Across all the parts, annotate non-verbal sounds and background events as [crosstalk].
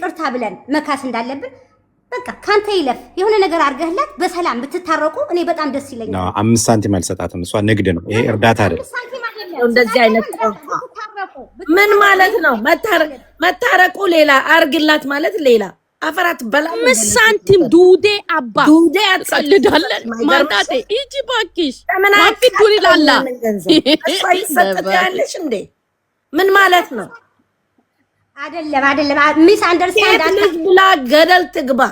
ይቅርታ ብለን መካስ እንዳለብን በቃ ካንተ ይለፍ የሆነ ነገር አድርገህላት በሰላም ብትታረቁ እኔ በጣም ደስ ይለኛል። አምስት ሳንቲም አልሰጣትም። እሷ ንግድ ነው፣ ይሄ እርዳታ አይደለም። እንደዚህ አይነት ምን ማለት ነው? መታረቁ ሌላ አርግላት ማለት ሌላ አፈራት በላ አምስት ሳንቲም ዱዴ አባ ዱዴ ያጸልዳለን ማርዳቴ ይቺ ባኪሽ ማፊ ዱሪላላ እሷ እንዴ ምን ማለት ነው? አይደለም አይደለም፣ ሚስ አንደርስታንድ ልጅ ብላ ገደል ትግባ።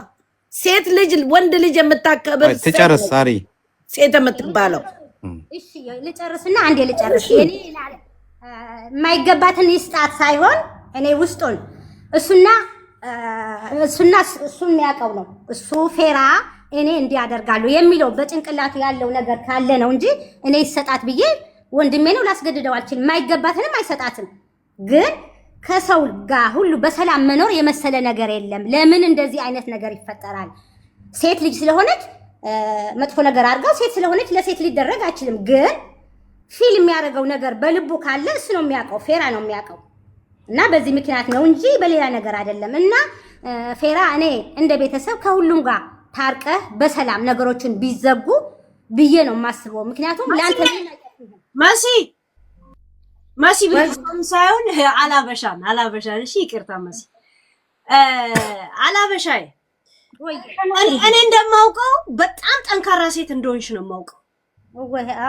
ሴት ልጅ ወንድ ልጅ የምታከብር ትጨርስ። ሳሪ ሴት የምትባለው እሺ፣ ልጨርስና አንዴ ልጨርስ። እኔ የማይገባትን ይስጣት ሳይሆን እኔ ውስጡን እሱና እሱና እሱ የሚያውቀው ነው እሱ ፌራ እኔ እንዲያደርጋሉ የሚለው በጭንቅላቱ ያለው ነገር ካለ ነው እንጂ እኔ ይሰጣት ብዬ ወንድሜ ነው ላስገድደው አልችልም። የማይገባትንም አይሰጣትም ግን ከሰው ጋር ሁሉ በሰላም መኖር የመሰለ ነገር የለም። ለምን እንደዚህ አይነት ነገር ይፈጠራል? ሴት ልጅ ስለሆነች መጥፎ ነገር አድርገው ሴት ስለሆነች ለሴት ሊደረግ አይችልም። ግን ፊል የሚያደርገው ነገር በልቡ ካለ እሱ ነው የሚያውቀው፣ ፌራ ነው የሚያውቀው። እና በዚህ ምክንያት ነው እንጂ በሌላ ነገር አይደለም። እና ፌራ እኔ እንደ ቤተሰብ ከሁሉም ጋር ታርቀህ በሰላም ነገሮችን ቢዘጉ ብዬ ነው የማስበው። ምክንያቱም ለአንተ መሲ መሲ ብትሆን ሳይሆን አላበሻን አላበሻን። እሺ ይቅርታ መሲ አላበሻዬ፣ እኔ እንደማውቀው በጣም ጠንካራ ሴት እንደሆንሽ ነው የማውቀው።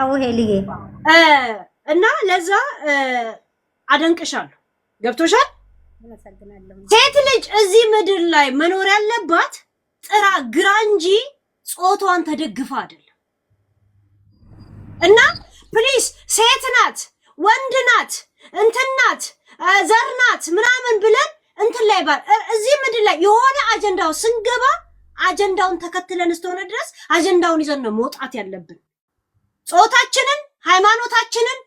አዎ ሄልዬ፣ እና ለዛ አደንቅሻለሁ። ገብቶሻል? ሴት ልጅ እዚህ ምድር ላይ መኖር ያለባት ጥራ ግራ እንጂ ጾቷን ተደግፋ አይደለም። እና ፕሊስ ሴት ናት ወንድ ናት እንትን ናት ዘር ናት ምናምን ብለን እንትን ላይ ባል እዚህ ምድር ላይ የሆነ አጀንዳው ስንገባ አጀንዳውን ተከትለን እስከሆነ ድረስ አጀንዳውን ይዘን ነው መውጣት ያለብን። ጾታችንን፣ ሃይማኖታችንን፣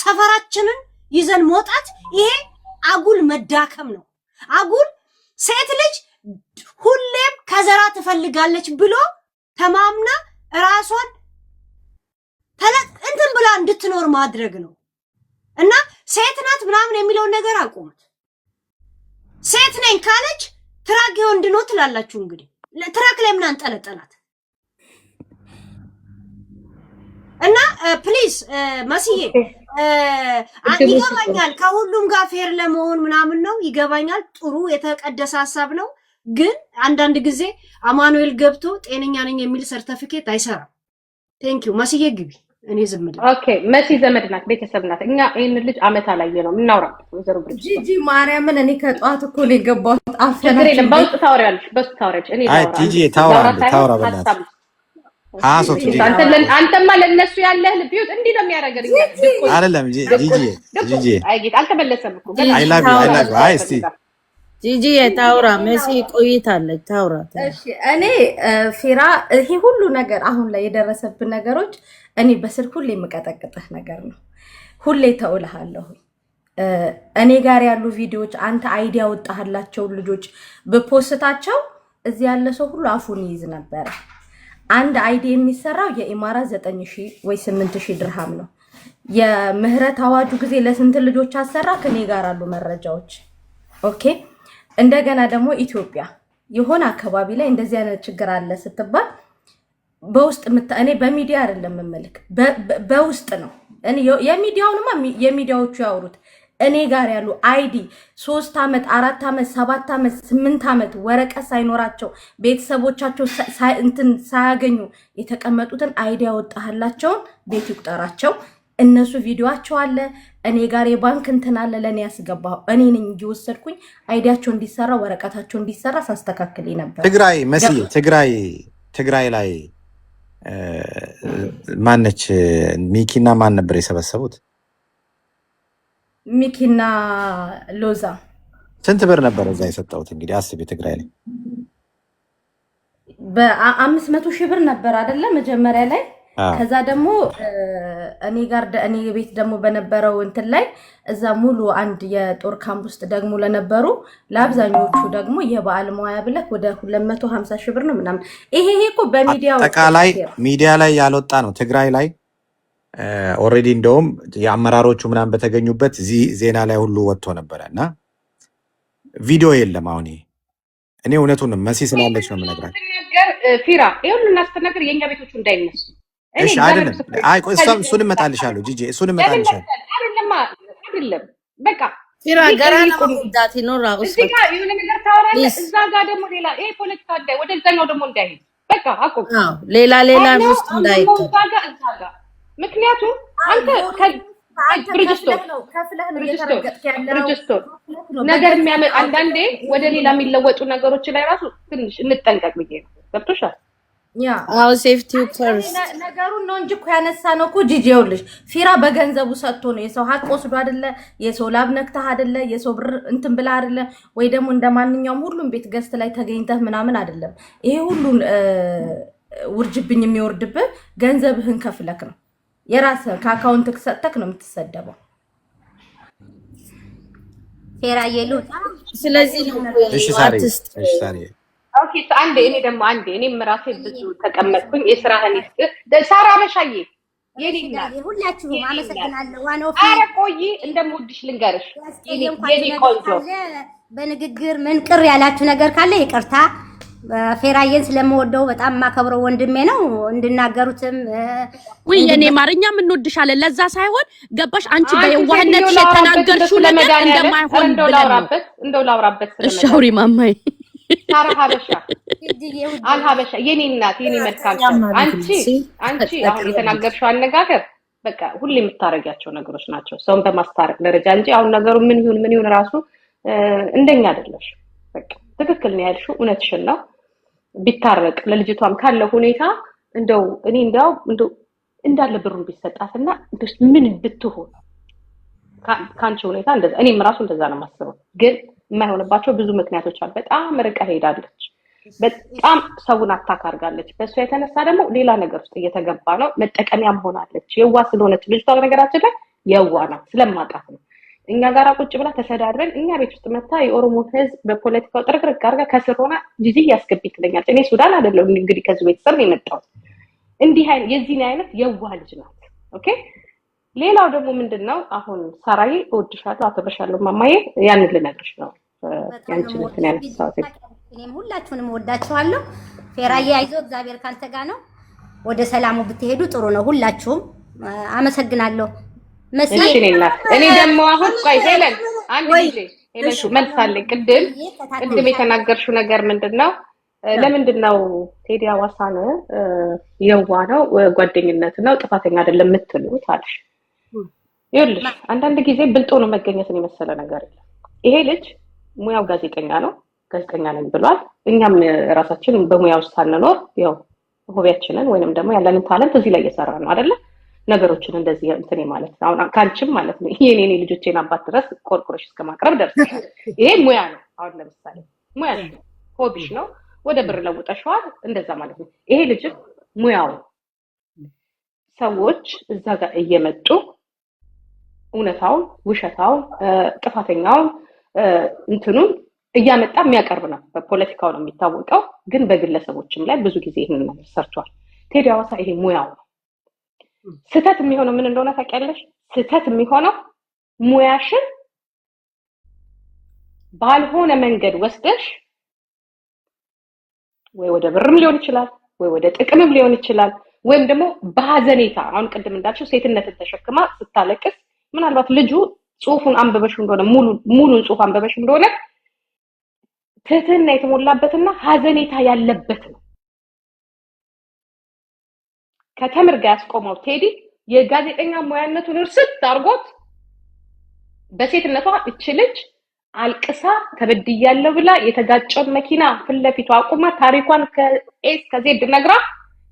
ሰፈራችንን ይዘን መውጣት ይሄ አጉል መዳከም ነው። አጉል ሴት ልጅ ሁሌም ከዘራ ትፈልጋለች ብሎ ተማምና ራሷን እንትን ብላ እንድትኖር ማድረግ ነው። እና ሴት ናት ምናምን የሚለውን ነገር አቁሙት። ሴት ነኝ ካለች ትራክ የወንድ ነው ትላላችሁ። እንግዲህ ትራክ ላይ ምን አንጠለጠላት? እና ፕሊዝ መስዬ ይገባኛል፣ ከሁሉም ጋር ፌር ለመሆን ምናምን ነው ይገባኛል። ጥሩ የተቀደሰ ሀሳብ ነው። ግን አንዳንድ ጊዜ አማኑኤል ገብቶ ጤነኛ ነኝ የሚል ሰርተፊኬት አይሰራም። ቴንኪዩ መስዬ ግቢ እኔ ዝም ብለው። ኦኬ መሲ ዘመድ ናት፣ ቤተሰብ ናት። እኛ ይህን ልጅ አመት አላየ ነው የምናወራበት። ወይዘሮ ጂጂ ማርያምን እኔ ከጠዋት እኮ ነው የገባሁት። ችግር በውስጥ ታወሪያለሽ፣ ታወሪያለሽ። እኔ ጂጂ ታወራ አንተማ ለነሱ ያለህ ልብዩት እንዲህ ነው የሚያደርገን። አይደለም ጂጂ ጂጂ አልተመለሰም እኮ አይ ላቭ ዩ አይ ላቭ ዩ አይ ጂጂ የታውራ መሲ ቆይታለች። ታውራ እኔ ፊራ ይሄ ሁሉ ነገር አሁን ላይ የደረሰብን ነገሮች እኔ በስልክ ሁሌ የምቀጠቅጥህ ነገር ነው። ሁሌ ተውልሃለሁ። እኔ ጋር ያሉ ቪዲዮዎች አንተ አይዲያ ወጣህላቸውን ልጆች በፖስታቸው እዚህ ያለ ሰው ሁሉ አፉን ይይዝ ነበረ። አንድ አይዲ የሚሰራው የኢማራት ዘጠኝ ሺህ ወይ ስምንት ሺህ ድርሃም ነው። የምህረት አዋጁ ጊዜ ለስንት ልጆች አሰራ? ከኔ ጋር አሉ መረጃዎች ኦኬ እንደገና ደግሞ ኢትዮጵያ የሆነ አካባቢ ላይ እንደዚህ አይነት ችግር አለ ስትባል በውስጥ እኔ በሚዲያ አይደለም የምልክ በውስጥ ነው። የሚዲያውንማ የሚዲያዎቹ ያውሩት። እኔ ጋር ያሉ አይዲ ሶስት ዓመት አራት ዓመት ሰባት ዓመት ስምንት ዓመት ወረቀት ሳይኖራቸው ቤተሰቦቻቸው እንትን ሳያገኙ የተቀመጡትን አይዲ ያወጣህላቸውን ቤት ይቁጠራቸው። እነሱ ቪዲዮቸው አለ እኔ ጋር የባንክ እንትን አለ ለእኔ ያስገባው እኔ ነኝ እየወሰድኩኝ አይዲያቸው እንዲሰራ ወረቀታቸው እንዲሰራ ሳስተካክል ነበር። ትግራይ መሲ ትግራይ ትግራይ ላይ ማነች ሚኪና ማን ነበር የሰበሰቡት? ሚኪና ሎዛ ስንት ብር ነበር እዛ የሰጠሁት? እንግዲህ አስብ ትግራይ ላይ በአምስት መቶ ሺህ ብር ነበር አይደለ መጀመሪያ ላይ ከዛ ደግሞ እኔ ጋር እኔ ቤት ደግሞ በነበረው እንትን ላይ እዛ ሙሉ አንድ የጦር ካምፕ ውስጥ ደግሞ ለነበሩ ለአብዛኞቹ ደግሞ የበዓል መዋያ ብለት ወደ 250 ሺህ ብር ነው ምናምን። ይሄ ይሄ እኮ በሚዲያ አጠቃላይ ሚዲያ ላይ ያልወጣ ነው። ትግራይ ላይ ኦልሬዲ እንደውም የአመራሮቹ ምናምን በተገኙበት እዚህ ዜና ላይ ሁሉ ወጥቶ ነበረ እና ቪዲዮ የለም። አሁን እኔ እውነቱንም መሲ ስላለች ነው የምነግራቸው። ፊራ ይህ እናስተናገር የእኛ ቤቶቹ እንዳይነሱ እሺ አይደለም። አይ ቆይ እሷ እሱን እመጣልሻለሁ ጂጂ፣ እሱን እመጣልሻለሁ። አይደለም አይደለም፣ በቃ የሆነ ነገር ታወራለህ፣ እዛ ጋር ደግሞ ሌላ ይሄ ፖለቲካ እንዳይ ደግሞ እንዳይሄድ በቃ አቁም። ሌላ ሌላ ውስጥ እንዳይሄድ እዛ ጋር ምክንያቱም አንተ ነገር የሚያመ አንዳንዴ ወደ ሌላ የሚለወጡ ነገሮች ላይ ራሱ ትንሽ እንጠንቀቅ ብዬ ነው። ገብቶሻል? ያው ሴፍቲው ፐርስት ነገሩን ነው እንጂ እኮ ያነሳነው እኮ ጂጂ፣ ይኸውልሽ ፊራ በገንዘቡ ሰጥቶ ነው የሰው ሀቅ ወስዶ አይደለ? የሰው ላብ ነክተህ አይደለ? የሰው ብር እንትን ብላ አይደለ? ወይ ደግሞ እንደ ማንኛውም ሁሉም ቤት ገዝት ላይ ተገኝተህ ምናምን አይደለም። ይሄ ሁሉን ውርጅብኝ የሚወርድብህ ገንዘብህን ከፍለክ ነው የራስህ ከአካውንት ሰጥተክ ነው የምትሰደበው። ፌራ የሉ ስለዚህ ነው ኦኬ አንዴ እኔ ደግሞ አንዴ እኔም ራሴ ብዙ ተቀመጥኩኝ። የስራህን ይስጥ ሳራ መሻዬ ሁላችሁም አመሰግናለሁ። ኧረ ቆይ እንደምወድሽ ልንገርሽ የኔ ቆንጆ። በንግግር ምን ቅር ያላችሁ ነገር ካለ ይቅርታ። ፌራዬን ስለምወደው በጣም የማከብረው ወንድሜ ነው። እንድናገሩትም ውይ የኔ ማርኛ እንወድሻለን። ለዛ ሳይሆን ገባሽ አንቺ በየዋህነት የተናገርሽው ነገር እንደማይሆን ብለን ነው። እንደው ላውራበት ስለመዳን እሺ አውሪ ማማዬ ሳራ ሀበሻ አልሀበሻ የኔ እናት የኔ መልካም አንቺ አንቺ አሁን የተናገርሽው አነጋገር በቃ ሁሌ የምታረጊያቸው ነገሮች ናቸው ሰውን በማስታረቅ ደረጃ እንጂ አሁን ነገሩ ምን ይሁን ምን ይሁን ራሱ እንደኛ አይደለሽ። በቃ ትክክል ነው ያልሽው፣ እውነትሽን ነው። ቢታረቅ ለልጅቷም ካለ ሁኔታ እንደው እኔ እንደው እንዳለ ብሩን ቢሰጣትና ምን ብትሆን ከአንቺ ሁኔታ እንደዛ እኔም ራሱ እንደዛ ነው የማስበው ግን የማይሆንባቸው ብዙ ምክንያቶች አሉ። በጣም ርቀ ሄዳለች። በጣም ሰውን አታክ አድርጋለች። በእሷ የተነሳ ደግሞ ሌላ ነገር ውስጥ እየተገባ ነው። መጠቀሚያ መሆናለች። የዋ ስለሆነች ልጅቷ በነገራችን ላይ የዋ ናት፣ ስለማውቃት ነው። እኛ ጋር ቁጭ ብላ ተሰዳድረን እኛ ቤት ውስጥ መታ የኦሮሞ ህዝብ በፖለቲካው ጥርቅርቅ አድርጋ ከስር ሆና ጊዜ እያስገቢ ትለኛል። እኔ ሱዳን አደለው እንግዲህ ከዚህ ቤተሰብ ነው የመጣው እንዲህ አይነት የዚህን አይነት የዋ ልጅ ናት። ኦኬ ሌላው ደግሞ ምንድን ነው አሁን ሳራዬ እወድሻለሁ፣ አከብርሻለሁ ማማዬ ያንን ልነግርሽ ነው ያንቺን ያነሳሁት። እኔም ሁላችሁንም ወዳችኋለሁ። ፌራዬ አይዞህ፣ እግዚአብሔር ካንተ ጋር ነው። ወደ ሰላሙ ብትሄዱ ጥሩ ነው። ሁላችሁም አመሰግናለሁ። መስለኝ እኔ ደግሞ አሁን ቆይ ሄለን አንድ ጊዜ ሄለን መልሳለኝ። ቅድም ቅድም የተናገርሽው ነገር ምንድን ነው? ለምንድን ነው ቴዲ አዋሳን የዋ ነው ጓደኝነት ነው ጥፋተኛ አይደለም የምትሉት አለሽ። ይኸውልሽ አንዳንድ ጊዜ ብልጦ ነው መገኘትን የመሰለ ነገር የለም። ይሄ ልጅ ሙያው ጋዜጠኛ ነው፣ ጋዜጠኛ ነን ብሏል። እኛም ራሳችን በሙያ ውስጥ ሳንኖር ያው ሆቢያችንን ወይንም ደግሞ ያለንን ታለንት እዚህ ላይ እየሰራ ነው አደለ? ነገሮችን እንደዚህ እንትኔ ማለት ነው። አሁን ከአንቺም ማለት ነው ይሄ እኔ ልጆቼን አባት ድረስ ቆርቆሮሽ እስከ ማቅረብ ደርሰሻል። ይሄ ሙያ ነው። አሁን ለምሳሌ ሙያ ነው፣ ሆቢሽ ነው፣ ወደ ብር ለውጠሸዋል። እንደዛ ማለት ነው። ይሄ ልጅ ሙያው ሰዎች እዛ ጋር እየመጡ እውነታውን፣ ውሸታውን፣ ጥፋተኛውን እንትኑን እያመጣ የሚያቀርብ ነው። በፖለቲካው ነው የሚታወቀው፣ ግን በግለሰቦችም ላይ ብዙ ጊዜ ይህንን ነገር ሰርቷል። ቴዲ ሐዋሳ ይሄ ሙያው ነው። ስህተት የሚሆነው ምን እንደሆነ ታውቂያለሽ? ስህተት የሚሆነው ሙያሽን ባልሆነ መንገድ ወስደሽ ወይ ወደ ብርም ሊሆን ይችላል፣ ወይ ወደ ጥቅምም ሊሆን ይችላል፣ ወይም ደግሞ በሀዘኔታ አሁን ቅድም እንዳልሽው ሴትነትን ተሸክማ ስታለቅስ ምናልባት ልጁ ጽሁፉን አንበበሽ እንደሆነ ሙሉን ጽሁፍ አንበበሽ እንደሆነ ትህትና የተሞላበትና ሀዘኔታ ያለበት ነው። ከተምር ጋር ያስቆመው ቴዲ የጋዜጠኛ ሙያነቱን እርስት አድርጎት በሴትነቷ እች ልጅ አልቅሳ ተበድያለሁ ብላ የተጋጨውን መኪና ፊት ለፊቱ አቁማ ታሪኳን ከኤስ ከዜድ ነግራ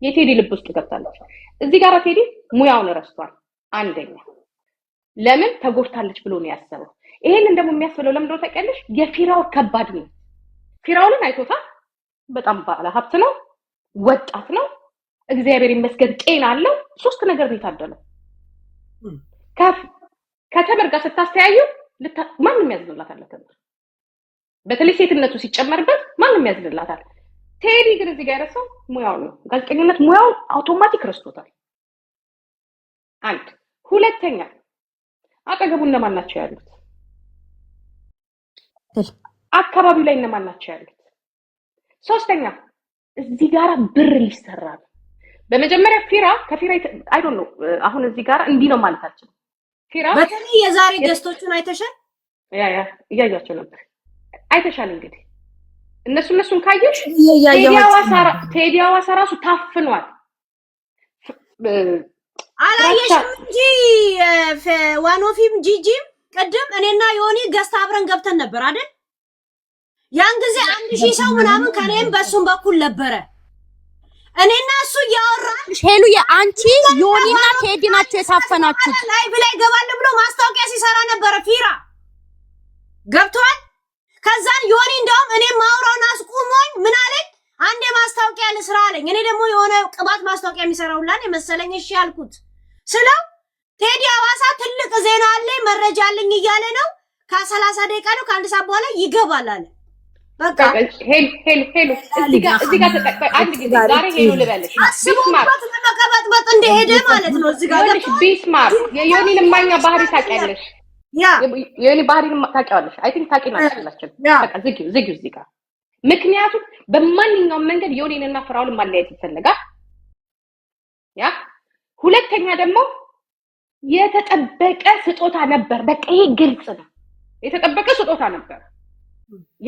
የቴዲ ልብ ውስጥ ገብታለች። እዚህ ጋር ቴዲ ሙያውን ረስቷል። አንደኛ ለምን ተጎድታለች ብሎ ነው ያሰበው። ይሄንን ደግሞ የሚያስብለው ለምን ነው ታውቂያለሽ? የፊራው ከባድ ነው። ፊራውንን አይቶታል። በጣም ባለ ሀብት ነው፣ ወጣት ነው፣ እግዚአብሔር ይመስገን ጤና አለው። ሶስት ነገር ነው የታደለው። ከተምር ጋር ስታስተያዩ ማንም ያዝንላታል። ተምር በተለይ ሴትነቱ ሲጨመርበት ማንም ያዝንላታል። ቴዲ ግን እዚህ ጋር የረሳው ሙያው ነው። ጋዜጠኝነት ሙያውን አውቶማቲክ ረስቶታል። አንድ ሁለተኛ አጠገቡ እነማን ናቸው ያሉት? አካባቢው ላይ እነማን ናቸው ያሉት? ሶስተኛ እዚህ ጋራ ብር ሊሰራ ነው። በመጀመሪያ ፊራ ከፊራ አይ ዶንት ኖ አሁን እዚህ ጋራ እንዲህ ነው ማለት አልችልም። ፊራ በተለይ የዛሬ ገስቶቹን አይተሻል? ያ ያ እያያቸው ነበር አይተሻል። እንግዲህ እነሱ እነሱን ካየሽ ቴዲ አዋሳ ራሱ ታፍኗል። አላየሽም እንጂ ዋኖፊም ጂጂም ቅድም እኔና ዮኒ ገዝታ አብረን ገብተን ነበር አይደል? ያን ጊዜ አንድ ሺህ ሰው ምናምን ከኔም በሱም በኩል ነበረ። እኔና እሱ እያወራን ሄሉ የአንቺ ዮኒና ቴዲ ናቸው ላይቭ ላይ ገባል ብሎ ማስታወቂያ ሲሰራ ነበረ ፊራ ገብቷል። ከዛን ዮኒ እንደውም እኔ ማውራውን አስቁሞኝ ምን አለኝ አንድ ማስታወቂያ ልስራ አለኝ። እኔ ደግሞ የሆነ ቅባት ማስታወቂያ የሚሰራውላን የመሰለኝ እሺ ያልኩት ስለው ቴዲ አዋሳ ትልቅ ዜና አለኝ መረጃ አለኝ እያለ ነው። ከሰላሳ ደቂቃ ነው ከአንድ ሰዓት በኋላ ይገባል አለ። በቃ ማለት ነው። ባህሪ ታውቂያለሽ። አይ ቲንክ ዝጊው ዝጊው እዚህ ጋር ምክንያቱም በማንኛውም መንገድ ዮኒንና ፍራውልን ማለያየት ይፈልጋል። ያ ሁለተኛ ደግሞ የተጠበቀ ስጦታ ነበር። በቃ ይሄ ግልጽ ነው። የተጠበቀ ስጦታ ነበር።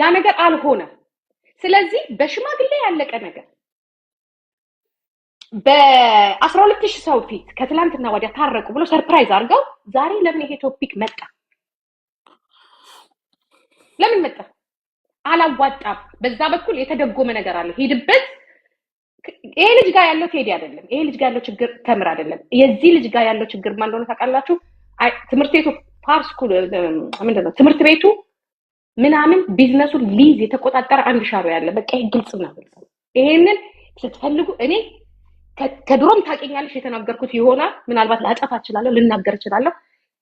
ያ ነገር አልሆነም። ስለዚህ በሽማግሌ ያለቀ ነገር በአስራ ሁለት ሺህ ሰው ፊት ከትላንትና ወዲያ ታረቁ ብሎ ሰርፕራይዝ አድርገው ዛሬ ለምን ይሄ ቶፒክ መጣ? ለምን መጣ? አላዋጣም። በዛ በኩል የተደጎመ ነገር አለ። ሄድበት ይሄ ልጅ ጋር ያለው ቴዲ አይደለም። ይሄ ልጅ ጋር ያለው ችግር ተምር አይደለም። የዚህ ልጅ ጋር ያለው ችግር ማን እንደሆነ ታውቃላችሁ? ትምህርት ቤቱ ፓር ምንድን ነው ትምህርት ቤቱ ምናምን ቢዝነሱን ሊዝ የተቆጣጠረ አንድ ሻሮ ያለ በቃ ይሄ ግልጽ ነው። ይሄንን ስትፈልጉ እኔ ከድሮም ታውቂኛለሽ፣ የተናገርኩት ይሆናል። ምናልባት ላጠፋ እችላለሁ፣ ልናገር እችላለሁ።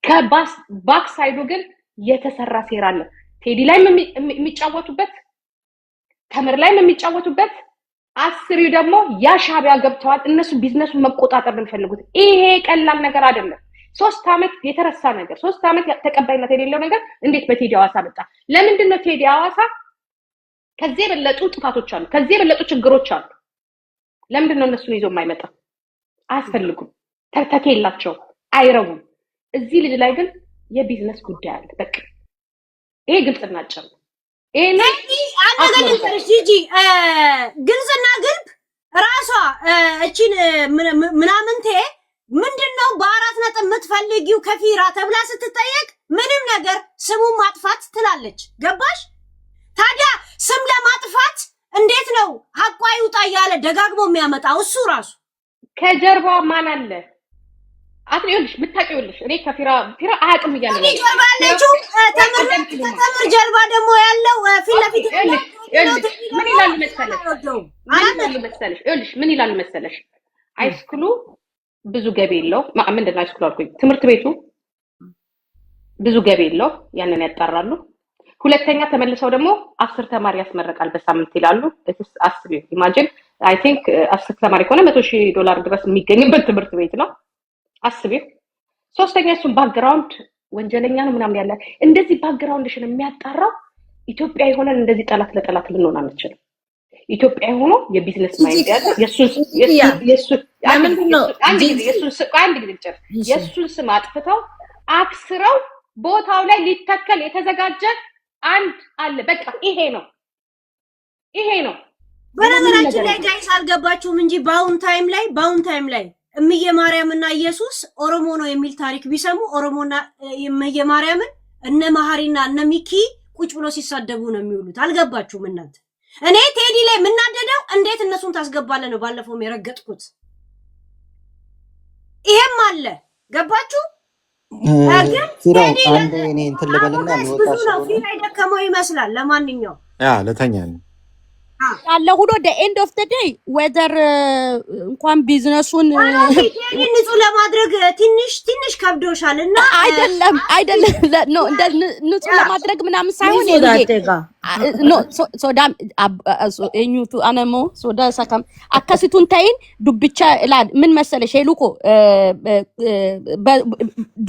ከባክ ሳይዱ ግን የተሰራ ሴራ አለ። ቴዲ ላይም የሚጫወቱበት ተምር ላይም የሚጫወቱበት አስሪው ደግሞ ያ ሻቢያ ገብተዋል። እነሱ ቢዝነሱን መቆጣጠር የሚፈልጉት። ይሄ ቀላል ነገር አይደለም። ሶስት ዓመት የተረሳ ነገር፣ ሶስት ዓመት ተቀባይነት የሌለው ነገር እንዴት በቴዲ አዋሳ መጣ? ለምንድን ነው ቴዲ አዋሳ ከዚህ የበለጡ ጥፋቶች አሉ፣ ከዚህ የበለጡ ችግሮች አሉ። ለምንድን ነው እነሱን ይዞ የማይመጣ? አያስፈልጉም፣ ተተኬላቸው አይረቡም። እዚህ ልጅ ላይ ግን የቢዝነስ ጉዳይ አለ በቃ ይሄ ግልጽና ጭር ነው። ይሄን ግልጽና ግልብ ራሷ እቺን ምናምንቴ ምንድን ነው በአራት ነጥብ የምትፈልጊው ከፊራ ተብላ ስትጠየቅ ምንም ነገር ስሙን ማጥፋት ትላለች። ገባሽ? ታዲያ ስም ለማጥፋት እንዴት ነው ሀቋ ይውጣ እያለ ደጋግሞ የሚያመጣው እሱ ራሱ ከጀርባ ማን አለ? አት ምታቂውልሽ እኔ ከፊራ ፊራ አያውቅም እያለ ነው ጀርባ ያለችው ተምር ጀርባ ደግሞ ያለው ፊት ለፊት ምን ይላል መሰለሽ ይኸውልሽ ምን ይላል መሰለሽ አይስክሉ ብዙ ገቢ የለው ምንድን ነው አይስክሉ አልኩኝ ትምህርት ቤቱ ብዙ ገቢ የለው ያንን ያጣራሉ ሁለተኛ ተመልሰው ደግሞ አስር ተማሪ ያስመረቃል በሳምንት ይላሉ አስቢው ኢማጂን አይ ቲንክ አስር ተማሪ ከሆነ መቶ ሺህ ዶላር ድረስ የሚገኝበት ትምህርት ቤት ነው አስቢው። ሶስተኛ እሱን ባክግራውንድ ወንጀለኛ ነው ምናምን ያለ እንደዚህ ባክግራውንድሽን የሚያጣራው ኢትዮጵያ የሆነን እንደዚህ ጠላት ለጠላት ልንሆን አንችልም። ኢትዮጵያ የሆነ የቢዝነስ ማይንድ ያለ የእሱን ስም አጥፍተው አክስረው ቦታው ላይ ሊተከል የተዘጋጀ አንድ አለ። በቃ ይሄ ነው ይሄ ነው። በነገራችን ላይ ጋይስ አልገባችሁም እንጂ በአሁን ታይም ላይ በአሁን ታይም ላይ እምዬ ማርያምና ኢየሱስ ኦሮሞ ነው የሚል ታሪክ ቢሰሙ ኦሮሞና እምዬ ማርያምን እነ መሐሪና እነ ሚኪ ቁጭ ብሎ ሲሳደቡ ነው የሚውሉት። አልገባችሁም እናንተ? እኔ ቴዲ ላይ የምናደደው እንዴት እነሱን ታስገባለ ነው። ባለፈውም የረገጥኩት ይሄም አለ። ገባችሁ? ግን ቴዲ ብዙ ነው። ላይ ደከመው ይመስላል። ለማንኛውም ለተኛ ነው ያለ ሁሉ ደ ኤንድ ኦፍ ደ ዴይ ወደር እንኳን ቢዝነሱን uh, ንጹ ለማድረግ ትንሽ ትንሽ ከብዶሻል እና አይደለም አይደለም ኖ ለማድረግ ምናምን ሳይሆን ኖ ሶዳ እኙቱ አነሞ ሶዳ ሰከም አከሲቱን ተይን ዱብቻ ላል ምን መሰለሽ ሄሉኮ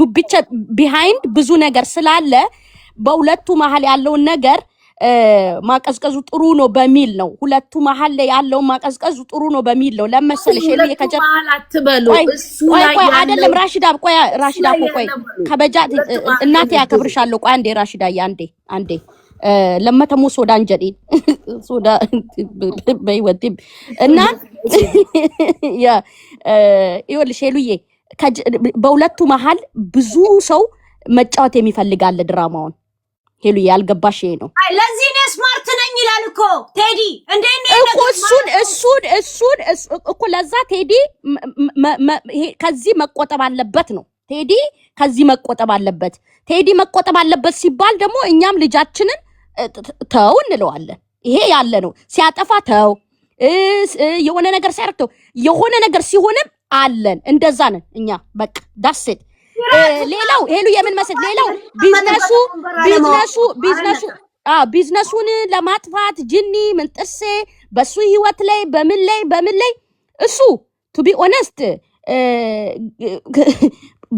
ዱብቻ ቢሃይንድ ብዙ ነገር ስላለ በሁለቱ መሀል ያለውን ነገር ማቀዝቀዙ ጥሩ ነው በሚል ነው። ሁለቱ መሀል ላይ ያለውን ማቀዝቀዙ ጥሩ ነው በሚል ነው። ለመሰለሽ የሚ ከጀቆይ አይደለም ራሽዳ ቆይ ራሽዳ ቆይ ከበጃ እናቴ ያከብርሻለሁ። ቆይ አንዴ ራሽዳ አንዴ አንዴ ለመተሙ ሶዳን ጀዲ ሶዳ [laughs] በይወዲ እና ያ ይኸውልሽ ሄሉዬ በሁለቱ መሀል ብዙ ሰው መጫወት የሚፈልጋለ ድራማውን ሄሉ ያልገባሽ ይሄ ነው። ለዚህ እኔ ስማርት ነኝ ይላል እኮ ቴዲ። እንዴ እኮ እሱን እሱን እሱን እኮ ለዛ ቴዲ ከዚህ መቆጠብ አለበት ነው ቴዲ ከዚህ መቆጠብ አለበት። ቴዲ መቆጠብ አለበት ሲባል ደግሞ እኛም ልጃችንን ተው እንለዋለን። ይሄ ያለ ነው። ሲያጠፋ ተው፣ የሆነ ነገር ሲያደርግ ተው፣ የሆነ ነገር ሲሆንም አለን። እንደዛ ነን እኛ በቃ ዳሴት ሌላው ሄሉ የምን መስል ሌላው ቢዝነሱ ቢዝነሱ ቢዝነሱ አዎ ቢዝነሱን ለማጥፋት ጅኒ ምን ጥርሴ በሱ ህይወት ላይ በምን ላይ በምን ላይ እሱ ቱ ቢ ኦነስት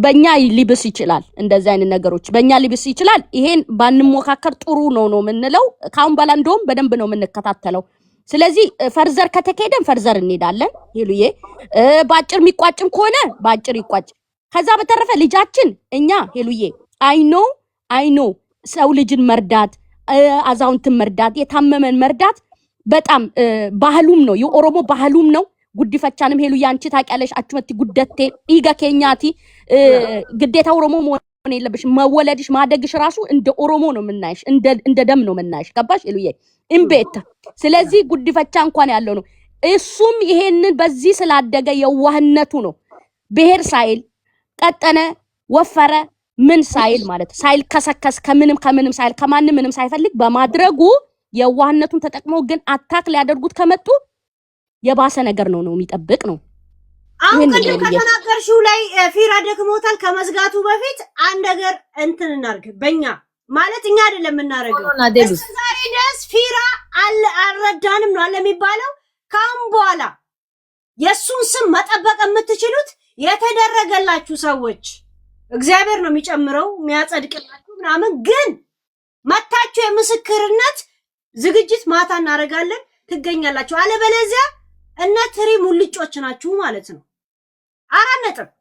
በእኛ ሊብስ ይችላል። እንደዚህ አይነት ነገሮች በእኛ ሊብስ ይችላል። ይሄን ባንሞካከር ጥሩ ነው ነው የምንለው። ካሁን በላ እንደውም በደንብ ነው የምንከታተለው። ስለዚህ ፈርዘር ከተካሄደን ፈርዘር እንሄዳለን። ሄሉዬ በአጭር የሚቋጭም ከሆነ በአጭር ይቋጭ። ከዛ በተረፈ ልጃችን እኛ ሄሉዬ አይኖ አይኖ ሰው ልጅን መርዳት አዛውንትን መርዳት የታመመን መርዳት በጣም ባህሉም ነው፣ የኦሮሞ ባህሉም ነው። ጉድፈቻንም ሄሉ ያንቺ ታውቂያለሽ። አችመቲ ጉደቴ ኢገ ኬኛቲ ግዴታ ኦሮሞ መሆን የለብሽ። መወለድሽ ማደግሽ ራሱ እንደ ኦሮሞ ነው የምናይሽ፣ እንደ ደም ነው የምናይሽ። ገባሽ ሄሉዬ እምቤታ። ስለዚህ ጉድፈቻ እንኳን ያለው ነው እሱም ይሄንን በዚህ ስላደገ የዋህነቱ ነው ብሄር ሳይል ቀጠነ፣ ወፈረ ምን ሳይል ማለት ሳይል ከሰከስ ከምንም ከምንም ሳይል ከማንም ምንም ሳይፈልግ በማድረጉ የዋህነቱን ተጠቅመው ግን አታክ ሊያደርጉት ከመጡ የባሰ ነገር ነው ነው የሚጠብቅ ነው። አሁን ቅድም ከተናገርሽው ላይ ፊራ ደክሞታል። ከመዝጋቱ በፊት አንድ ነገር እንትን እናርግ። በእኛ ማለት እኛ አይደለም የምናደርገው። ዛሬ ድረስ ፊራ አልረዳንም ነው አለ የሚባለው። ከአሁን በኋላ የእሱን ስም መጠበቅ የምትችሉት የተደረገላችሁ ሰዎች እግዚአብሔር ነው የሚጨምረው የሚያጸድቅላችሁ ምናምን። ግን መታችሁ የምስክርነት ዝግጅት ማታ እናደርጋለን ትገኛላችሁ። አለበለዚያ እነ ትሪ ሙልጮች ናችሁ ማለት ነው። አራት ነጥብ